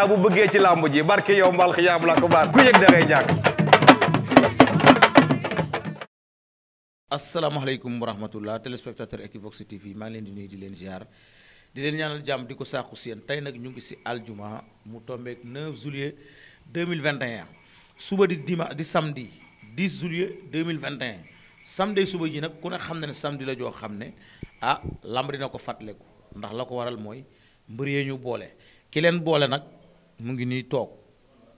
naa bu bëggee ci làmb ji barke yow mbal xiyaam la ko baar ku yëg da ngay ñàkk asalaamaaleykum wa rahmatullah téléspectateur Equivox TV maa ngi leen di nuyu di leen ziar di leen ñaanal jàmm di ko saaku seen tey nag ñu ngi si aljuma mu tombeek 9 juillet 2021 suba di dima di samedi 10 juillet 2021 samedi suba ji nag ku ne xam na ne samedi la joo xam ne ah lamb dina ko fàttaliku ndax la ko waral mooy mbër yee ñu boole ki leen boole nag mu ngi nii toog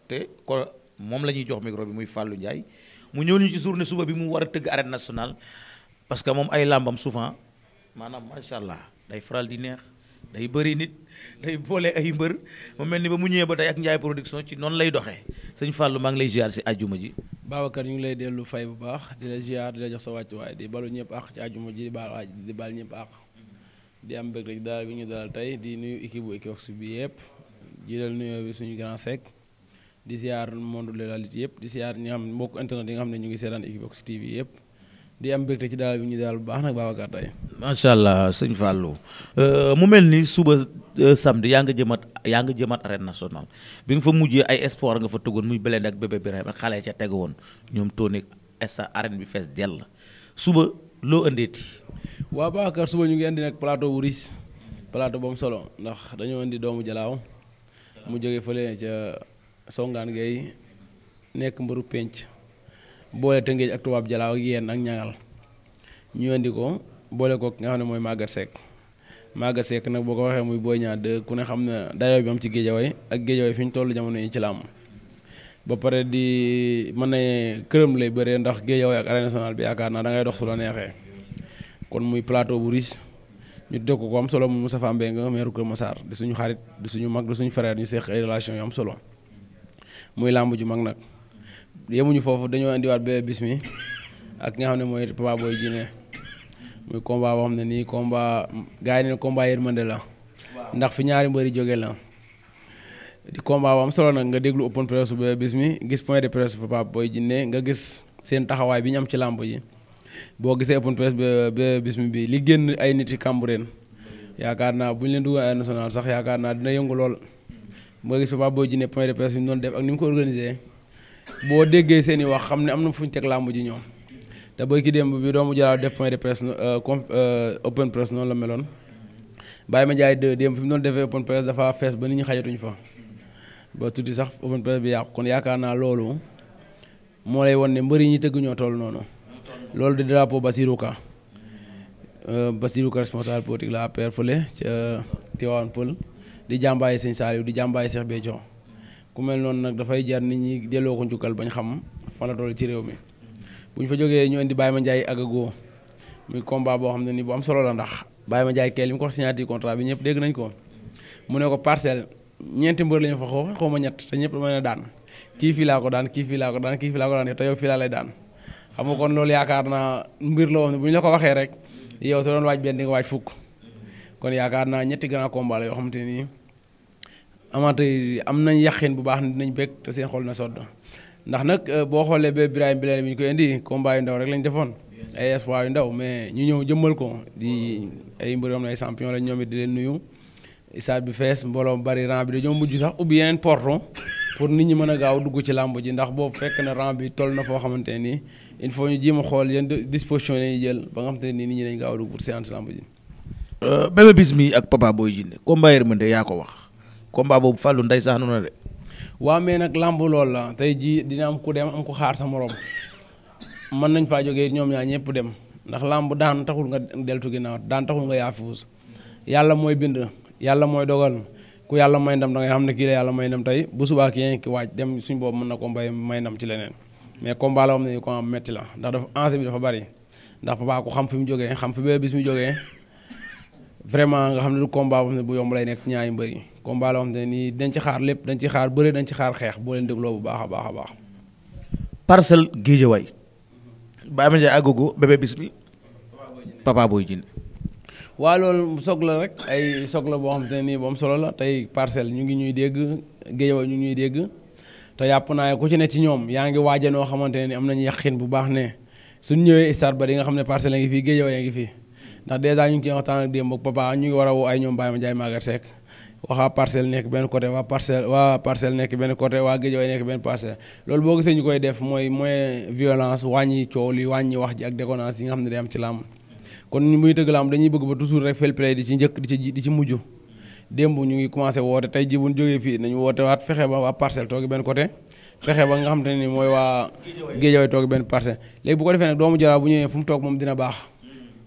te ko moom la ñuy jox micro bi muy fàllu Ndiaye mu ñëw ñu ci journée suba bi mu war a tëgg arène nationale parce que moom ay làmbam souvent maanaam macha allah day faral di neex day bëri nit day boole ay mbër mu mel ni ba mu ñëwee ba tey ak Ndiaye production ci noonu lay doxee sëñ fàllu maa ngi lay ziar si ajjuma ji. Babacar ñu ngi lay dellu fay bu baax di la ziar di la jox sa wàccuwaay di balu ñëpp àq ci ajjuma ji di baal di baal ñëpp àq di am bëgg rek daal bi ñu dalal tey di nuyu équipe bu bi yëpp. jiital nuyoo bi suñu grand sec di siyaar monde de la yëpp di siyaar ñi am mbokk internet yi nga xam ne ñu ngi seetaan Equivox TV yëpp di am mbégte ci daal bi ñu daal bu baax nag Babacar tey. macha allah sëñ Fallou euh, mu mel ni suba euh, samedi yaa nga jëmat yaa nga jëmat arène nationale bi nga fa mujjee ay espoir nga fa tëggoon muy Belende ak bébé Birame ak xale ca tegu woon ñoom Tony sa arène bi fees dell suba loo ëndeeti. waa Babacar suba ñu ngi indi nag plateau bu riche plateau bu am solo ndax dañoo indi mu jóge fële ca Songaan Gueye nekk mbaru penc boole Tëngéej ak tubaab jalaaw ak yéen ak ñangal ñu indi ko boole ko ki nga xam ne mooy Maguette Seck Maguette Seck nag boo ko waxee muy Boy ñaar 2 ku ne xam ne dayoo bi am ci géejawaay ak géejawaay fi ñu toll jamono yi ci làmb ba pare di mën ne këram lay bëree ndax géejawaay ak arène bi yaakaar naa da ngay dox su la neexee kon muy plateau bu riche. ñu dëkk ko am solo mu Moustapha Mbengue meeru Kër Massar di suñu xarit di suñu mag di suñu frère ñu seex ay relation yu am solo muy làmb ju mag nag yemuñu foofu dañoo indiwaat Bébé Bismi ak nga xam ne mooy Papa Boy Djiné muy combat boo xam ne nii combat gars yi ne combat yërmande la ndax fi ñaari mbëri jóge la di combat bu am solo nag nga déglu open press Bébé Bismi gis point de presse Papa Boy Djiné nga gis seen taxawaay bi ñu am ci làmb ji boo gisee open press ba bis mi li génn ay nit yi Cambérène yaakaar naa bu ñu leen dugal ay national sax yaakaar naa dina yëngu lool. moo gis Papa boo Djiné point de presse bi def ak ni mu ko boo déggee seen i wax xam ne am na fu ñu teg làmb ji ñoom te booy ki démb bi doomu Jalaaw def point de presse euh, com euh, noonu la meloon. Baye Mandiaye deux démb fi mu doon defee open press dafa fees ba nit ñi xajatuñ fa ba tuddi sax open press bi yàqu kon yaakaar naa loolu moo lay won ne mbër yi ñi tëgg ñoo toll noonu. loolu di drapeau Basirou Ka euh, Basirou Ka responsable politique la APR fële ca Tivaouane Pël di jàmbaay sëñ Saliou di jàmbaay Cheikh Béthio ku mel noonu nag dafay jar nit ñi delloo ko njukkal bañ xam fan la ci réew mi bu ñu fa jógee ñu indi Baye Mandiaye ak Ago muy combat boo xam ne ni bu am solo la ndax Baye Mandiaye kee li mu ko wax contrat bi ñëpp dégg nañ ko mu ne ko parcelle ñeenti mbër la ñu fa xoo xaw ma ñett te ñëpp dama leen daan kii fii laa daan kii fii laa ko daan kii fii laa daan xam nga kon loolu yaakaar naa mbir la woon bu ñu la ko waxee rek yow sa doon waaj benn di nga waaj fukk kon yaakaar naa ñetti grand combat la yoo xamante ni amateur yi am nañ yàqin bu baax ne dinañ bëgg te seen xol na sodd ndax nag euh, boo xoolee ba Birahim Bilal bi ñu ko indi combat yu ndaw rek lañ defoon ay espoir yu ndaw mais ñu ñëw jëmmal ko di ay mbir am na ay champion lañ ñoom it di leen nuyu stade bi fees mbooloo bari rang bi dañoo mujj sax ubbi yeneen porto pour nit ñi mën a gaaw dugg ci làmb ji ndax boobu fekk na rang bi toll na foo xamante nii il faut ñu jéem ma xool yan disposition la ñuy jël ba nga xam te ne nit ñi dañ gaaw a dugg pour séance lamb ji. Euh, Bébé Bismi ak Papa Boy Djiné combat yërmande yaa ko wax combat boobu Fallou Ndeye sax na de. waaw mais nag lamb lool la tey jii dina am ku dem am ku xaar sa moroom mën nañ faa jógee ñoom ñaa ñëpp dem ndax lamb daan taxul nga deltu ginnaaw daan taxul nga yaafuus yàlla mooy bind yàlla mooy dogal ku yàlla may ndam da ngay xam ne kii la yàlla may ndam tey bu subaa ki ki waaj dem suñ boobu mën na ko mbay may ndam ci leneen. mais combat la moom ne ko am ah, métti la ndax dafa enjeu bi dafa bari ndax papa ku xam fi mu jógee xam fi bee bis mu jógee vraiment nga xam ne du combat boo xam ne bu yomb lay nekk ñaari mbër yi nii dañ ci xaar lépp dañ ci xaar bëre dañ ci xaar xeex boo leen dégloo bu baax a baax a baax. parcelle Guédiawaye. ba amee agogo bébé bis bi papa booy jënd. waa loolu soog la rek ay soog la boo xam te ne nii bu am solo la tey parcelle ñu ngi ñuy dégg Guédiawaye ñu ngi ñuy dégg. te yàpp naa ku ci ne ci ñoom yaa ngi waaja noo xamante ne am nañu yaqin bu baax ne suñ ñëwee stade ba di nga xam ne parcelle yi ngi fii géejëwa ngi fii ndax dèjà ñu ngi ciy waxtaan war a woo ay ñoom Baye Mandiaye Maguette Seck benn côté waa parcelle waa parcelle benn côté waa géejëwa nekk benn parcelle boo koy def mooy mooy violence wàññi coow li wàññi wax ji ak déconnance yi nga xam ne day am ci làmb kon ñu muy tëgg làmb dañuy bëgg ba toujours rek fair play di ci njëkk di ci di ci mujj démb ñu ngi commencé woote tey jii bu ñu jógee fii nañu woote waat fexe ba waa parcelle toogi benn côté fexe ba nga xam ne ni mooy waa géejawaay toogi benn parcelle léegi bu ko defee nag doomu Jaraaf bu ñëwee fu mu toog moom dina baax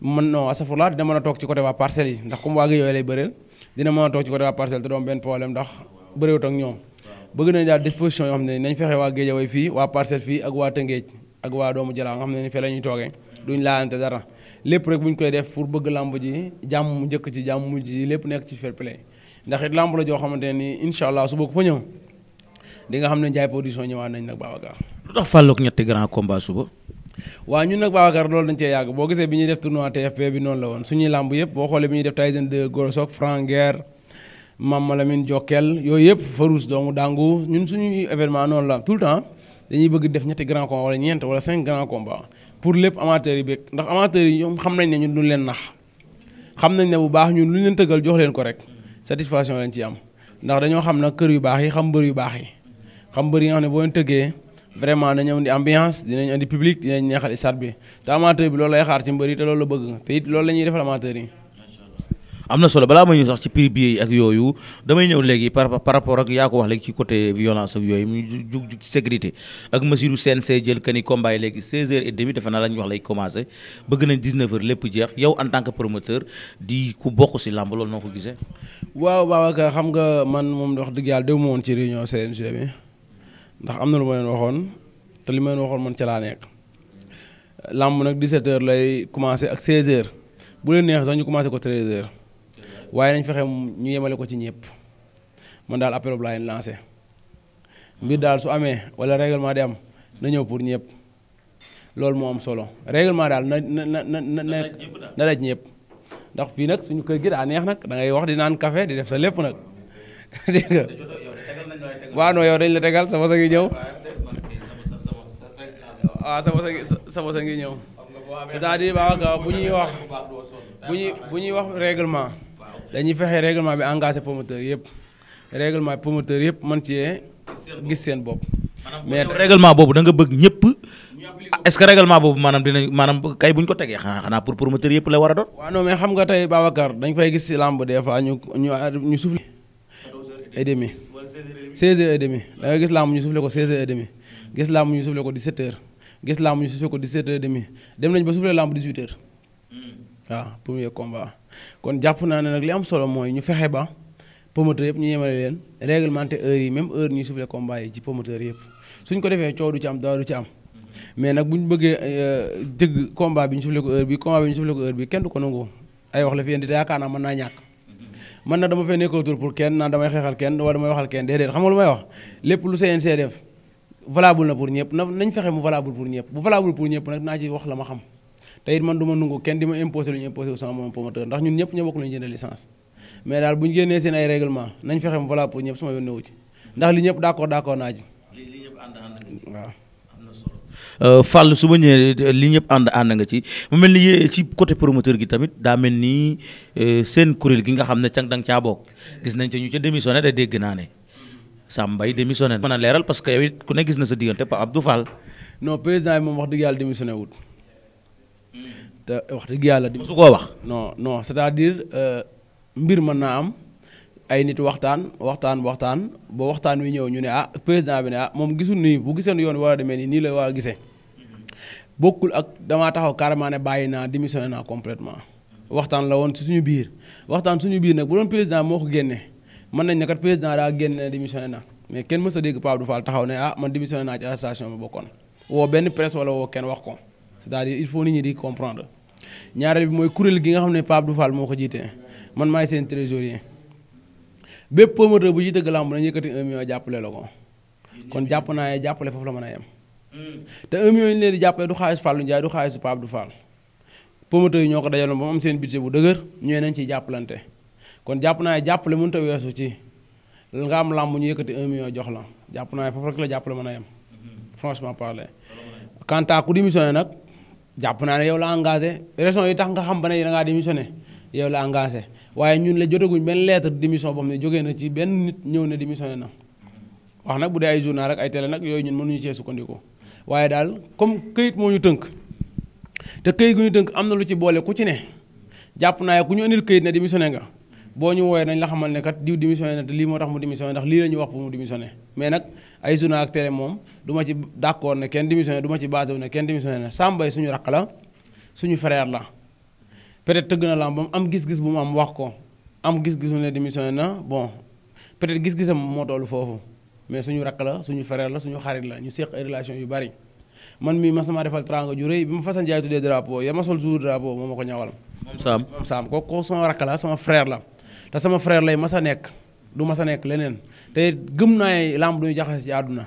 man non asafurlaa dina a toog ci côté waa yi ndax comme waa géejawaay dina mën a toog ci côté waa parcelle te doom benn problème ndax ñoom bëgg nañ daal disposition yoo xam ne nañ fexe waa géejawaay fii waa parcelle fii ak waa tëngéej ak waa doomu Jaraaf nga xam ne fee la ñuy toogee duñ laalante dara lépp rek bu ñu koy def pour bëgg làmb ji jàmm njëkk ci jàmm mujj ji lépp nekk ci fair play ndax it làmb la joo xamante ni incha allah su bokk fa ñëw di nga xam ne Ndiaye production ñëwaat nañ nag Babacar. lu tax fàlloog ñetti grand combat suba. ñun nag Babacar loolu dañ cee yàgg boo gisee bi ñuy def tournoi TFP bi noonu la woon suñuy làmb yëpp boo xoolee bi ñuy def Tyson 2 Gorosok Franc Guerre Mame Malamine yooyu yëpp Farouz doomu dàngu ñun suñuy événement noonu la tout le temps dañuy bëgg def ñetti grand wala ñeent wala cinq grand combat pour lépp amateurs yi beeg ndax amateurs yi ñoom xam nañ ne ñun duñ leen nax xam nañ ne bu baax ñun lu leen tëggal jox leen ko rek satisfaction lañ ci am ndax dañoo xam na kër yu baax yi xam mbër yu baax yi xam mbër yi nga xam ne boo tëggee tëggee vraiment dañu indi ambiance dinañ indi public dinañ neexal stade bi te bi loolu lay xaar ci mbër yi te loolu la bëgg te loolu la ñuy defal amateur yi am na solo balaa ma ñëw sax ci prix billet yi ak yooyu damay ñëw léegi par par rapport ak yaa ko wax léegi ci côté violence ak yooyu mu jug jug sécurité ak mesure CNC jël kani combat yi léegi 16h et demi defe naa la wax lay commencé bëgg nañ 19h lépp jeex yow en tant que promoteur di ku bokk si làmb loolu noo ko gisee. waaw Babacar xam nga man moom wax dëgg yàlla demuma woon ci réunion CNG bi ndax am na lu ma leen waxoon te li ma leen waxoon man ci laa nekk làmb nag 17h commencé ak 16 bu leen neex sax ñu commencé ko 13 waaye nañ fexe ñu yemale ko ci ñëpp man daal appel boobu lancé mbir daal su amee wala règlement di am na ñëw pour ñëpp loolu moo am solo règlement daal na na na na na daj ñëpp ndax fii nag suñu kër gi daa neex nag dangay wax di naan kafe di def sa lépp nag dégg nga waaw non dañ la tegal sa basa ngi ñëw waaw sa basa ngi ñëw c'est-à-dire bu ñuy wax bu ñuy wax règlement dañuy fexe règlement bi engagé promoteur yëpp règlement promoteur yëpp man ci gis seen bopp. mais règlement boobu da nga bëgg ñëpp. est-ce que boobu maanaam dinañ maanaam kay buñ ko tegee xanaa pour promoteur yëpp la war a doon. waaw non mais xam nga tey Babacar dañ fay gis si lamb des fois ñu ñu ñu soufflé. 14h30 et demi 16h et demi da nga gis lamb ñu soufflé ko 16h gis lamb ñu soufflé ko 17h gis lamb ñu soufflé ko 17h et demi dem nañ ba soufflé lamb 18 waaw premier combat kon jàpp naa ne nag li am solo mooy ñu fexe ba promoteur yëpp ñu yemale leen réglementé heure yi même heure ñuy soufflé combat yi ci promoteur yëpp suñ ko defee coow du ci am dara ci am mais nag bu ñu bëggee euh, dëgg combat bi ñu soufflé ko heure bi combat bi bi kenn du ko nangu ay wax la fi indi naa mën naa ñàkk man na dama fee nekkatul pour kenn naan damay xeexal kenn wala damay waxal kenn déedéet xam nga may wax lépp lu CNC def valable na pour ñëpp nañ fexe mu valable pour ñëpp bu valable pour ñëpp nag naa ci wax la ma xam te man du ma nungu kenn di ma imposé lu ñu imposé wu sama moom promoteur ndax ñun ñëpp ñoo bokk lu jënd licence mais daal bu ñu génnee seen ay règlement nañ fexe mu valable pour ñëpp sama yoon wu ndax li ñëpp d'accord d'accord naa ji. li ñëpp waaw euh, Fall su ma ñëwee euh, li ñëpp ànd ànd nga ci mu mel ni ci côté promoteur gi tamit daa mel ni euh, seen kuréel gi nga xam ne càng danga caa bokk gis nañ ca ñu ca démissionné da dégg naa ne Sambay démissionné na. mën a leeral parce que yow ku ne gis na sa diggante Pa Abdou Fall. moom wax dëgg yàlla démissionné wut te wax dëgg yàlla. di su koo wax. non non c'est-à-dire euh, mbir mën naa am ay nit waxtaan waxtaan waxtaan ba waxtaan wi ñëw ñu ne ah président bi ne ah moom gisul nii bu giseen yoon war a demee nii nii la gisee bokkul ak damaa taxaw carrément ne bàyyi naa démissionné naa complètement waxtaan la woon suñu biir waxtaan suñu biir nag bu président moo ko génne mën nañ ne kat président daa génne ne na mais kenn mës a dégg Pape Dou Fall taxaw ne ah man démissionné naa ci association bi bokkoon woo benn presse wala woo kenn wax ko c'est-à-dire il faut nit ñi di comprendre. ñaareel bi mooy kuréel gi nga xam ne Pape Dou Fall moo ko jiite man maay seen trésorier bépp promoteur bu jiite lamb nañu yëkkati un million jàppale la ko kon jàpp naa ne jàppale foofu la mën a yem. Hmm. te un ñu leen di jàppale du xaalis Fallou Ndiaye du xaalis Pape du faal promoteur yi ñoo ko dajaloon ba am seen budget bu dëgër ñëwee nañ ciy jàppalante kon jàpp naa ne jàppale mënut a weesu ci nga am lamb ñu yëkkati un jox la jàpp naa ne foofu rek la jàppale mën a yem hmm. jàpp naa ne yow la engagé raison yi tax nga xam ba ne da ngaa démissionné yow la engagé waaye ñun la jotaguñ benn lettre démission boo xam ne jógee na ci benn nit ñëw ne démissionné na wax nag bu dee ay journal rek ay télé nag yooyu ñun mënuñu cee sukkandiku waaye daal comme këyit moo ñu tënk te këyit gu ñu tënk am na lu ci boole ku ci ne jàpp naa ku ñu andil këyit ne démissionné nga boo ñu woowee nañ la xamal ne diw démissionné na te lii moo tax mais nag ay journal ak télé moom duma ci d'accord ne kenn démissionné du duma ci basé ne kenn démissionné ne Sambay suñu rakk la suñu frère la peut-être tëgg na làmbam am gis-gis bu mu am wax ko am gis-gisu ne démissionné na bon peut-être gis-gisam moo toll foofu mais suñu rakk la suñu frère la suñu xarit la ñu seq ay relation yu bari man mii mas sama defal tranga ju rëy bi ma Fassane Ndiaye tuddee drapeau ya ma sol jour drapeau moo ma ko ñawal. moom Saam moom Saam kooku sama rakk la sama frère la te sama frère lay mas nekk du mas a nekk leneen. te gëm naa làmb duñu jaxase ci àdduna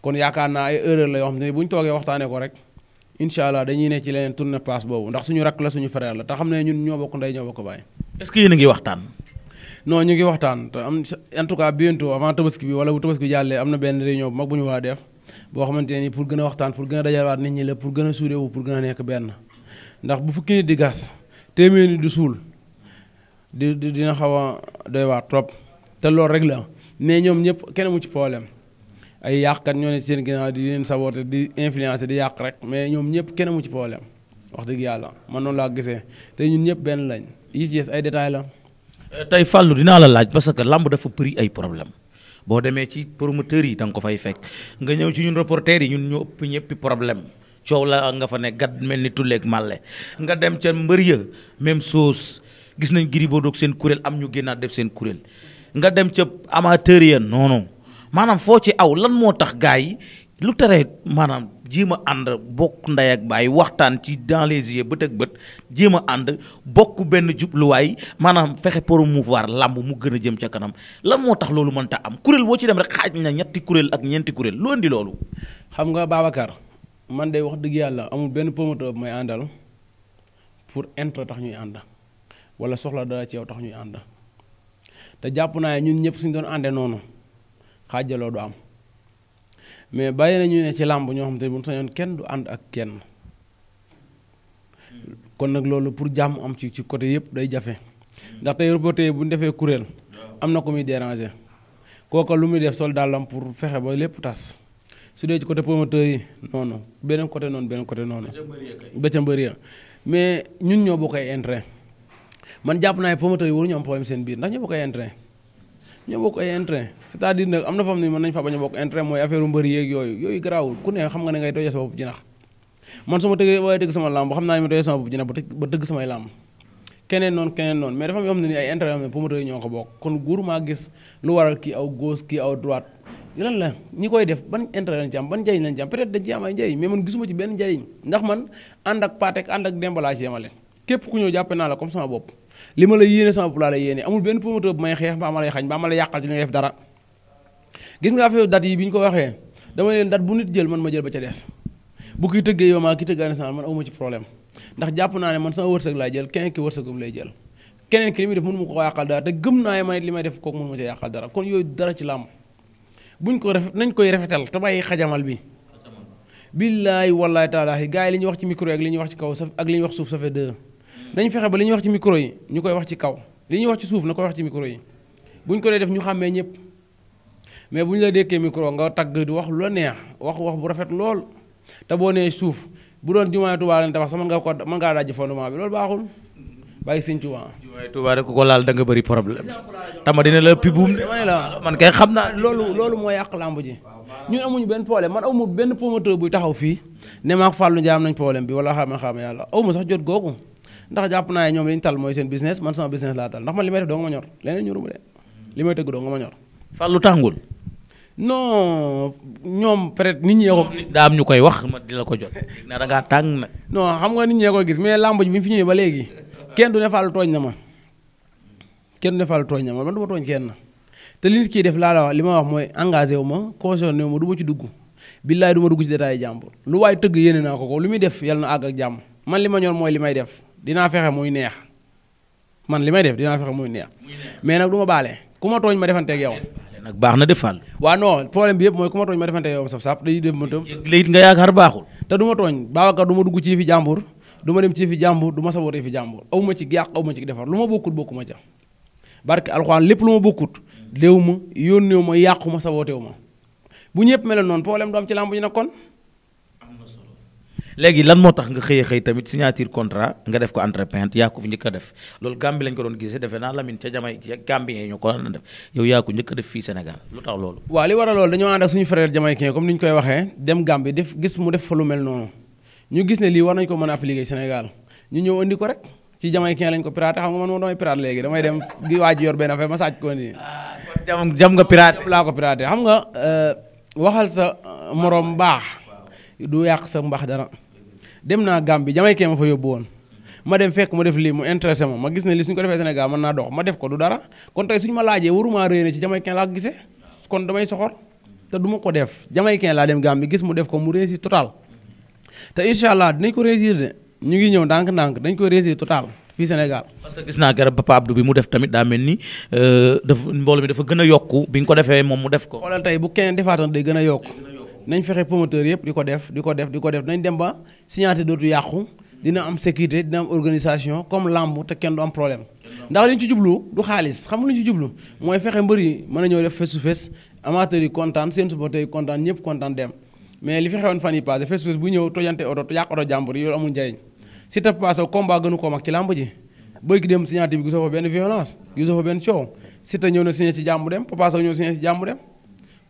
kon yaakaar naa ay erreur la yoo xam ne bu ñu toogee waxtaanee ko rek incha allah dañuy ne ci leneen tourner passe boobu ndax suñu rakk la suñu frère la te xam ne ñun ñoo bokk ndey ñoo bokk baay. est-ce que yéen a ngi waxtaan. non ñu ngi waxtaan te am en tout cas bientôt avant tabaski bi wala bu tabaski bi jàllee am na benn réunion bu mag bu ñu war a def boo xamante ne pour gën a waxtaan pour gën a dajalewaat nit ñi la pour gën a suurewu pour gën ndax bu fukki nit di gas téeméer nit suul di dina xaw a doy trop te loolu rek la mais ñoom ñëpp kenn ci problème ay yàq yàqkat ñoo ne seen ginnaaw di leen saboter di influencer di yàq rek mais ñoom ñëpp kenn ci problème wax dëgg yàlla man noonu laa gisee te ñun ñëpp benn lañ yi ci ay détails la. Euh, tey Fallou dinaa la laaj parce que lamb dafa bëri ay problème boo demee ci promoteurs yi da fay fekk nga ñëw ci ñun reporters yi ñun ñoo ëpp ñëppi problème coow la nga fa ne gat mel ni tulleeg màlle nga dem ca mbër ya même chose gis nañ Gris Bordeaux seen kuréel am ñu génnaat def seen kuréel. nga dem ca amateur ya noonu maanaam foo ci aw lan moo tax gars yi lu tere maanaam jéem a ànd bokk ndey ak baay waxtaan ci dans les yeux bët ak bët jéem a ànd bokk benn jubluwaay maanaam fexe promouvoir làmb mu gën a jëm ca kanam lan moo tax loolu mënta am kuréel boo ci dem rek xaaj na ñetti kuréel ak ñeenti kuréel lu indi loolu. xam nga Babacar man de wax dëgg yàlla amul benn promoteur bu may àndal pour intérêt tax ñuy ànd wala soxla dara ci yow tax ñuy ànd. te jàpp naa ñun ñëpp suñ doon àndee noonu xaajaloo du am mais bàyyi nañu ne ci làmb ñoo xam te ne bu sañoon kenn du ànd ak kenn kon nag loolu pour jàmm am ci ci côté yëpp day jafe ndax tey reporter bu ñu defee kuréel am na ko muy déranger kooka lu muy def sol dàllam pour fexe ba lépp tas su dee ci côté promoteur yi noonu beneen côté noonu beneen côté noonu. ba ca mbëri ya mais ñun ñoo bokkee intérêt. man jàpp naa ne promoteurs yi waruñu am problème seen biir ndax ñoo bokk ay entrain ñoo bokk ay entrain na fam ni nañ fa a bokk entrain mooy affaire mbëri yeeg yooyu yooyu garaawul ku ne xam nga ne ngay doyee sa bopp jinax man su ma xam naa ne ma doyee sama bopp jinax keneen noonu keneen noonu mais dafa am yoo xam ne ni ay intérêt yoo ne promoteurs yi ñoo ko bokk kon guur maa gis lu waral kii aw gauche kii aw droite lan la ñi koy def ban intérêt lañ ci am ban njëriñ lañ ci am peut-être dañ ci am ay njëriñ mais man gisuma ci benn njëriñ ndax man ànd ak paatek ànd ak démbalaage képp ku ñëw jàppe naa la comme sama bopp li ma la yéene sama bopp laa la yéene amul benn promoteur bu may xeex mbaa ma lay xañ mbaa ma lay yàqal ci li nga def dara gis nga affaire date yi bi ñu ko waxee dama leen date bu nit jël man ma jël ba ca des bu ki tëggee yow maa ki tëggaane sama man awma ci problème ndax jàpp naa ne man sama wërsëg laay jël keneen ki wërsëgum lay jël keneen ki li muy def mënu ma ko yàqal dara te gëm naa ne man it li may def kooku mënu ma ci dara kon yooyu dara ci làmb buñ ko ref nañ koy rafetal te bàyyi xajamal bi billaay wallaay taalaay gars yi ñuy wax ci micro ak li ñuy wax ci kaw saf ak li ñuy wax suuf ça nañ fexe ba li ñuy wax ci micro yi ñu koy wax ci kaw li ñu wax ci suuf na koy wax ci micro yi buñ ko dee def ñu xàmmee ñëpp mais bu ñu la dekkee micro nga tagg di wax lu la neex wax wax bu rafet lool te boo nee suuf bu doon jumaay Tuubaa lañ tabax sax mën nga ko mën ngaa dajji fondement bi loolu baaxul bàyyi sëñ Tuubaa jumaay Tuubaa rek ku ko laal da nga bëri problème tama dina la pibuum la man kay xam naa loolu loolu moo yàq làmb ji ñun amuñu benn problème man awma benn promoteur buy taxaw fii ne maa Fallou Ndiaye am nañ problème bi wala xama xama yàlla awma sax jot googu ndax jàpp naa ñoom li tal mooy seen business man sama business laa tal ndax man li may def doo nga ma ñor leneen ñoruma de li may tëgg doo nga ma ñor. Fallou tàngul. ñoom peut-être nit ñee ñu koy wax ma di la ko jot. na da ngaa tàng nag. non nga nit ñee koy gis mais làmb ji fi ñëwee ba léegi kenn du ne tooñ na ma kenn du ne Fallou tooñ na ma man te li kiy def laa la li ma wax mooy engagé wu ma wu ma du ma ci dugg billaay du ma dugg ci détail jàmbur lu waay tëgg yéene naa ko ko lu muy def yàlla na àgg ak jàmm man li ma ñor mooy li may def dinaa fexe muy neex man li may def dinaa fexe muy neex mais nag du ma baale ku ma ma defanteeg yow. nag baax na defal. waaw non problème bi yëpp mooy ku ma tooñ ma defanteeg yow saf sap dañuy def ma tam. léegi nga yaakaar baaxul. te du ma tooñ Babacar du ma dugg ci fi jàmbur duma dem ci fi jàmbur du ma sabootee fi jàmbur aw ma ci yàq aw ma ci defar lu ma bokkut bokku ma ca barke alxuraan lépp lu ma bokkut léew ma yónneew ma yàqu ma sabooteew ma bu ñëpp meloon noonu problème du am ci làmb ji nag léegi lan moo tax nga xëy a xëy tamit signature contrat nga def ko entreprenariat yaa ko fi njëkk def loolu Gambie lañ ko doon gisee defe naa Lamine ca jamay Gambie ñu ko doon fii Sénégal lu tax loolu. waaw li war a loolu dañoo ànd ak suñu frère jamaïcain comme ni ñu koy waxee dem Gambie def gis mu def fa lu mel noonu ñu gis ne lii war nañ ko mën a appliquer Sénégal ñu ñëw andi ko rek ci jamaïcain lañ ko piraté xam nga man moom damay piraté léegi damay dem gi waaj yor benn affaire ma ko nii. Ah, jam nga piraté laa ko piraté xam nga euh, waxal sa euh, moroom baax du yàq sa mbax dara dem naa bi Jamaïcain ma fa yóbbu woon ma dem fekk ma def lii mu intéressé ma ma gis ne li suñ ko defee Sénégal mën naa dox ma def ko du dara kon tey suñu ma laajee waruma réer ci Jamaïcain laa gisee kon damay soxor te du ma ko def Jamaïcain laa dem bi gis mu def ko mu réussir total te incha allah dinañ ko réussir de ñu ngi ñëw ndànk-ndànk dañ ko réussir total fii Sénégal. parce que gis naa garab Papa Abdou bi mu def tamit daa mel ni euh, dafa mbooloo mi dafa gën a yokku bi ñu ko defee moom mu def ko. xoolal tey bu kenn defaatoon day gën a yokku nañ fexe promoteur yëpp di ko def di ko def di ko def nañ dem ba signature dootu yàqu dina am sécurité dina am organisation comme làmb te kenn du am problème ndax li ñu ci jublu du xaalis xam lu ñu ci jublu mooy fexe mbër yi mën na ñëw def face to face amateurs yi kontaan seen supporters kontaan ñëpp kontaan dem mais li fi xewoon fan yi passé face to bu ñëw tojante oto yàq oto jàmbur yi loolu amul njëriñ si te passé combat gënu ko mag ci làmb ji bëy ki dem signature bi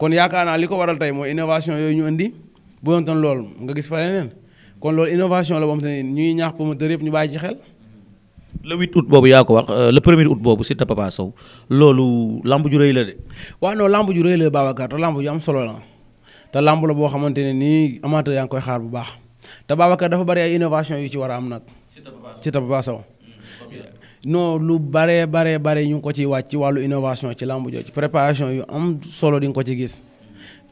kon yaakaar naa li ko waral tey mooy innovation yooyu ñu indi bu doon toon loolu nga gis fa leneen kon loolu innovation la boo xam te ne ñuy ñaax promoteur yëpp ñu bàyyi ci xel. le 8 boobu yaa ko wax euh, le premier août boobu Siteu Papa Sow loolu lamb ju rëy la de. waaw non lamb ju réy la Babacar te lamb ju am solo la te lamb la boo xamante ne nii amateur yaa ngi koy xaar bu baax te Babacar dafa bari ay innovation yu ci war a am nag. Siteu Papa Sow non lu baree baree bare ñu ngi ko ci wàcc ci wàllu innovation ci làmb jooju ci préparation yu am solo di ko ci gis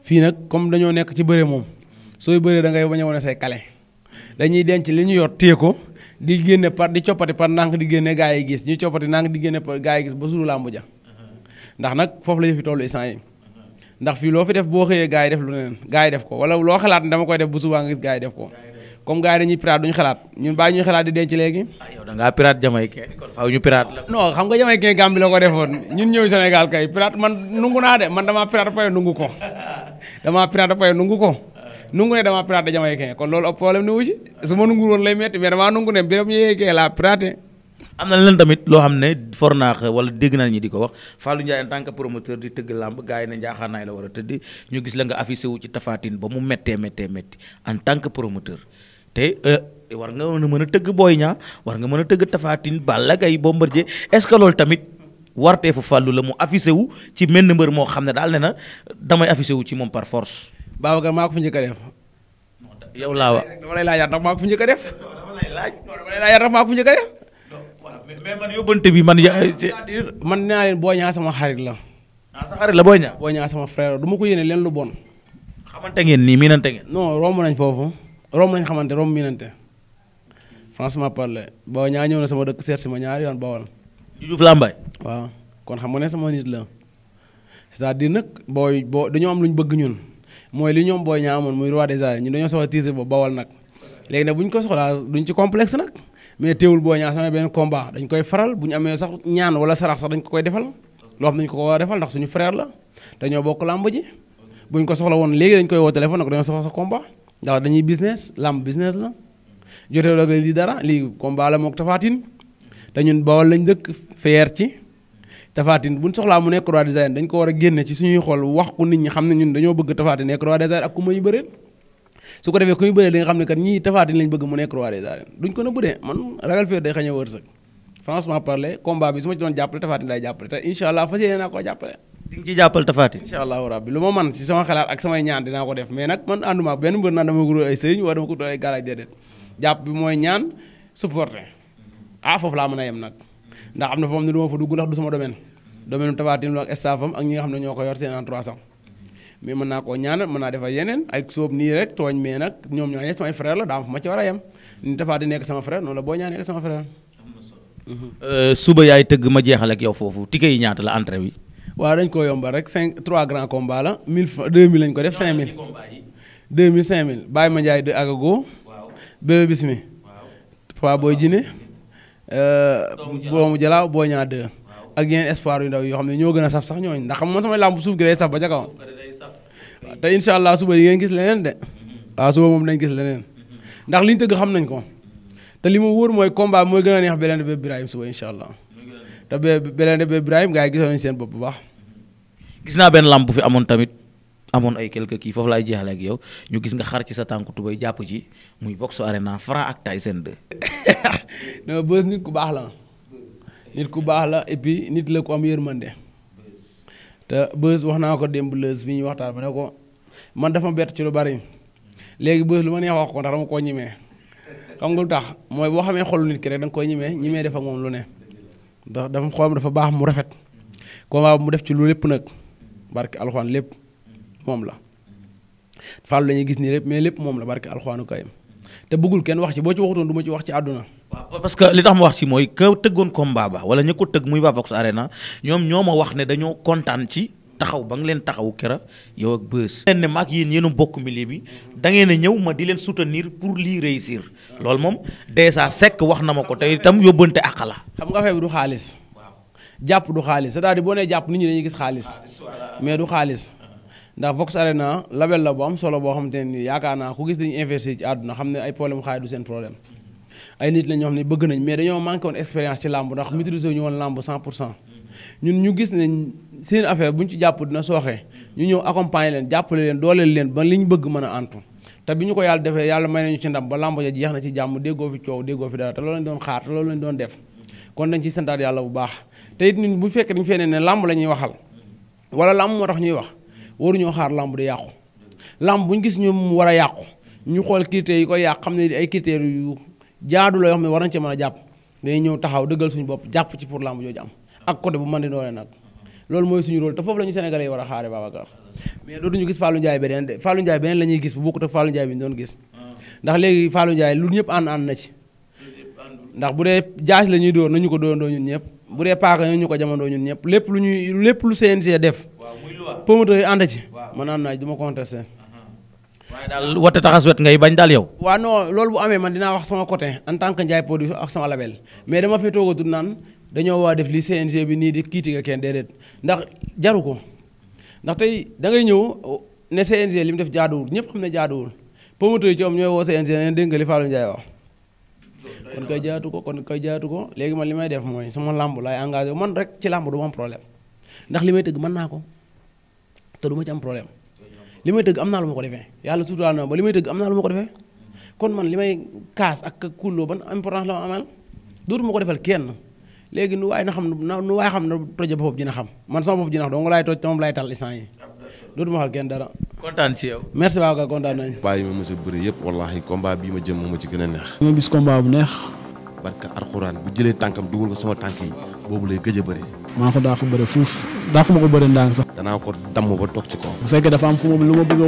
fii nag comme dañoo nekk ci bëre moom sooy bëree dangay ngay bañ a wane say kale dañuy denc li ñu yor téye ko di génne par di coppati par ndànk di génne gaa yi gis ñu coppati ndànk di génne par gaa yi gis ba sulu làmb ndax nag foofu la ñu fi tollu instant ndax fii loo fi def boo xëyee gaa yi def lu neneen gaa yi def ko wala loo xalaat ne dama koy def subaa nga gis gaa ko comme gars yi dañuy pirate duñu xalaat ñun bàyyi ñuy xalaat di denc léegi. ah yow da ngaa xam nga jamaïcain Gambie la ko defoon ñun ñëw Sénégal kay pirate man nungu naa de man damaa pirate fay nungu ko damaa pirate fay nungu ko nungu ne ma nungu woon lay metti mais damaa nungu ne biram na leen tamit loo xam ne for naa wala dégg naa ñi di ko wax Fallou Ndiaye en tant que promoteur di tëgg làmb gars yi ne njaaxaanaay la war a tëdd ñu gis la nga affiché wu ci tafaatin ba mu méttee méttee métti en tant que promoteur te euh, war nga mën a tëgg booy ñaa war nga mën a tëgg Tapha Tine Balla Gaye Bombardier est-ce que loolu tamit warteefu fàllu la mu affiché wu ci menn mbër moo xam ne daal ne na damay affiché wu ci moom par force. baaw ga maa ko fi njëkk def. yow laa wax dama lay laajaat ndax maa ko fi man yóbbante bi man. man naa leen Boy Niang sama xarit la. ah sa la Boy Niang. Boy Niang sama frère du ma ko yéene leen lu bon. xamante ngeen nii miinante ngeen. non romb nañ foofu. Rome lañ xamante Rome miinante franchement parler boo ñaa ñëw na sama dëkk seet si ma ñaari yoon bawal. Diouf Lambaye. waaw kon xam nga ne sama nit la cest à nag boo dañoo am lu ñu bëgg ñun mooy li ñoom booy ñaa amoon muy roi ñun dañoo soxla titre boobu nag léegi nag bu ko soxlaa duñ ci complexe nag mais teewul booy ñaa sama benn combat dañ koy faral bu ñu amee sax ñaan wala sarax sax dañ ko koy defal loo xam ko ko war ndax suñu frère la dañoo bokk làmb ji bu ñu ko soxla woon léegi dañ koy woo téléphone nag dañoo soxla sa combat ndax dañuy business làmb business la jotee la lii dara lii combat la mook Tapha Tine te ñun Bawol lañ dëkk feer ci Tapha Tine buñ soxlaa mu nekk roi des dañ ko war a génne ci suñuy xol wax ku nit ñi xam ne ñun dañoo bëgg Tapha Tine nekk roi ak ku may bëreel su ko defee ku ñu bëree di nga xam ne kat ñii Tapha Tine lañ bëgg mu nekk roi des duñ ko na bëree man ragal feer day xañ a wërsëg franchement parler combat bi su ma ci doon jàppale di nga ci jàppal tafaati incha allahu rabbi lu ma man ci sama xalaat ak samay ñaan dinaa ko def mais nag man ànduma benn mbër naan dama ko dul ay sëriñ wala dama ko dul ay galaaj déedéet jàpp bi mooy ñaan supporter ah foofu laa mën a yem nag ndax am na fa moom ne du ma fa dugg ndax du sama domaine domaine tafaatin lu ak staffam ak ñi nga xam ne ñoo ko yor seen en 300 mais mën naa koo ñaanal mën naa defa yeneen ay sóob nii rek tooñ mais nag ñoom ñoo ñëpp samay frère la daa ma fa ma ci war a yem ni tafaati nekk sama frère noonu boo ñaan nekk sama frère mhm. euh, suba yaay tëgg ma jeexal ak yow foofu tike ñaata la entrée bi waaw dañ koo yombal rek cinq trois grands combats la mil francs deux mille lañ ko def cinq mille. de mille cinq mille Baye Mandiaye de Agago. Bébé Bismi. booy Boy Djiné. Doomu Jalaaw euh, Boy Niang 2 ak yeneen espoir yu ndaw yoo xam ne ñoo gën a saf sax ñooñ ndax xam man samay làmb suuf gi day saf ba ca kaw. waaw te incha allah suba di ngeen gis leneen de. Mm-hmm. waaw suba moom dañ gis leneen. Mm-hmm. ndax liñ tëgg xam nañ ko. Mm-hmm. te li ma wóor mooy combat mooy gën a neex beneen bi Birahim suba te be beneen bi Ibrahima gars yi gisoon nañu seen bopp bu gis naa benn lamb bu fi amoon tamit amoon ay quelque kii foofu laay jeexalee ak yow ñu gis nga xar ci sa tànku tubay jàpp ci muy Vox Arena Franc ak Tyson 2. non Beuz nit ku baax la nit ku baax la et nit la ko am yërmande te Beuz wax naa ko démb lës bi ñuy waxtaan ba ne ko man dafa bett ci lu bari léegi Beuz lu ma neex wax ko ndax dama koo ñemee xam nga lu tax mooy boo xamee xolu nit da nga koy ñemee ñemee def ak moom lu ne. ndax dafa xolam dafa baax mu rafet combat mu def ci lu lépp nag barke alxuraan lépp moom la Fallou la ñuy gis nii lépp mais lépp moom la barke alxuraanu kayim te bëggul kenn wax ci boo ci waxutoon du ma ci wax ci àdduna. waaw que li tax ma wax ci mooy ka tëggoon combat ba wala ñu ko tëgg muy waa Vox na ñoom ñoo ma wax ne dañoo kontaan ci. taxaw ba nga leen taxaw kera yow ak bës leen ne maag yéen a bokk milieu bi da ngeen a ñëw ma di leen soutenir pour lii réussir loolu moom déjà Seck wax na ma ko te itam yóbbante ak la xam nga affaire bi du xaalis jàpp du xaalis c'est-à-dire boo nee jàpp nit ñi dañuy gis xaalis mais du xaalis ndax Vox Arena label la bu am solo boo xamante ne nii yaakaar naa ku gis dañuy investir ci àdduna xam ne ay problème xaalis du seen problème ay nit la ñoo xam ne bëgg nañ mais ñun ñu gis ne seen affaire bu ñu ci jàpp dina sooxee ñu ñëw accompagner leen jàppale leen dooleel leen ba li ñu bëgg mën a antu te bi ñu ko yàlla defee yàlla may nañu ci ndam ba làmb ja jeex na ci jàmm déggoo fi coow déggoo fi dara te loolu lañ doon xaar te loolu lañ doon def kon dañ ci santaat yàlla bu baax te it ñun bu fekkee dañu feneen ne làmb la ñuy waxal wala làmb moo tax ñuy wax waruñoo xaar làmb di yàqu làmb bu ñu gis ñoom war a yàqu ñu xool critères yi koy yàq xam ne ay critères yu jaadu la xam ne war nañ ci mën jàpp dañuy ñëw taxaw dëggal suñu bopp jàpp ci pour làmb jooju am ak côté bu mën di doone nag loolu mooy suñu rôle te foofu la ñu sénégalais yi war a xaare Babacar mais dootuñu gis Fallou Ndiaye beneen de la gis bu bokkut ak Fallou bi ñu doon gis ndax léegi Fallou Ndiaye lu ñëpp ànd ànd na ci ndax bu dee jaas la ñuy nañu ko doo ñun ñëpp bu dee paaka ñu ko jamandoo ñun ñëpp lépp lu ñuy lépp lu CNG def promoteur yi ànd ci man ànd naa du ma contesté waaye daal wata taxas wet ngay bañ daal yow waaw non loolu bu amee man dinaa wax sama côté en tant que Ndiaye a dañoo waa def li CNG bi nii di kiiti nga kenn déedéet ndax jaru ko ndax tey da ngay ñëw ne CNG li mu def jaaduwul ñëpp xam ne jaaduwul promoteur yi ci am ñooy woo CNG neen dégg nga li Fallou Ndiaye wax kon koy jaatu ko kon koy jaatu ko léegi man li may def mooy sama làmb laay engagé man rek ci làmb du ma am problème ndax li may tëgg mën naa ko te du ma am problème li may tëgg am naa lu ma ko defee yàlla suturaal na ba li may tëgg am naa lu ma ko defee kon man li may kaas ak kulloo ban importance la ma amal dootu ko defal kenn léegi nu waay na xam nu waay xam na tojo bopp dina xam man sama bopp dina xam donc laay toj te moom a bëri yëpp wallaahi combat bii ma jëm moo ma ci gën a neex. a bëri. maa ko daa ko ma ko bëri ndànk sax. danaa ba toog ci kaw. bu fekkee dafa am fu mu lu ma bëgg a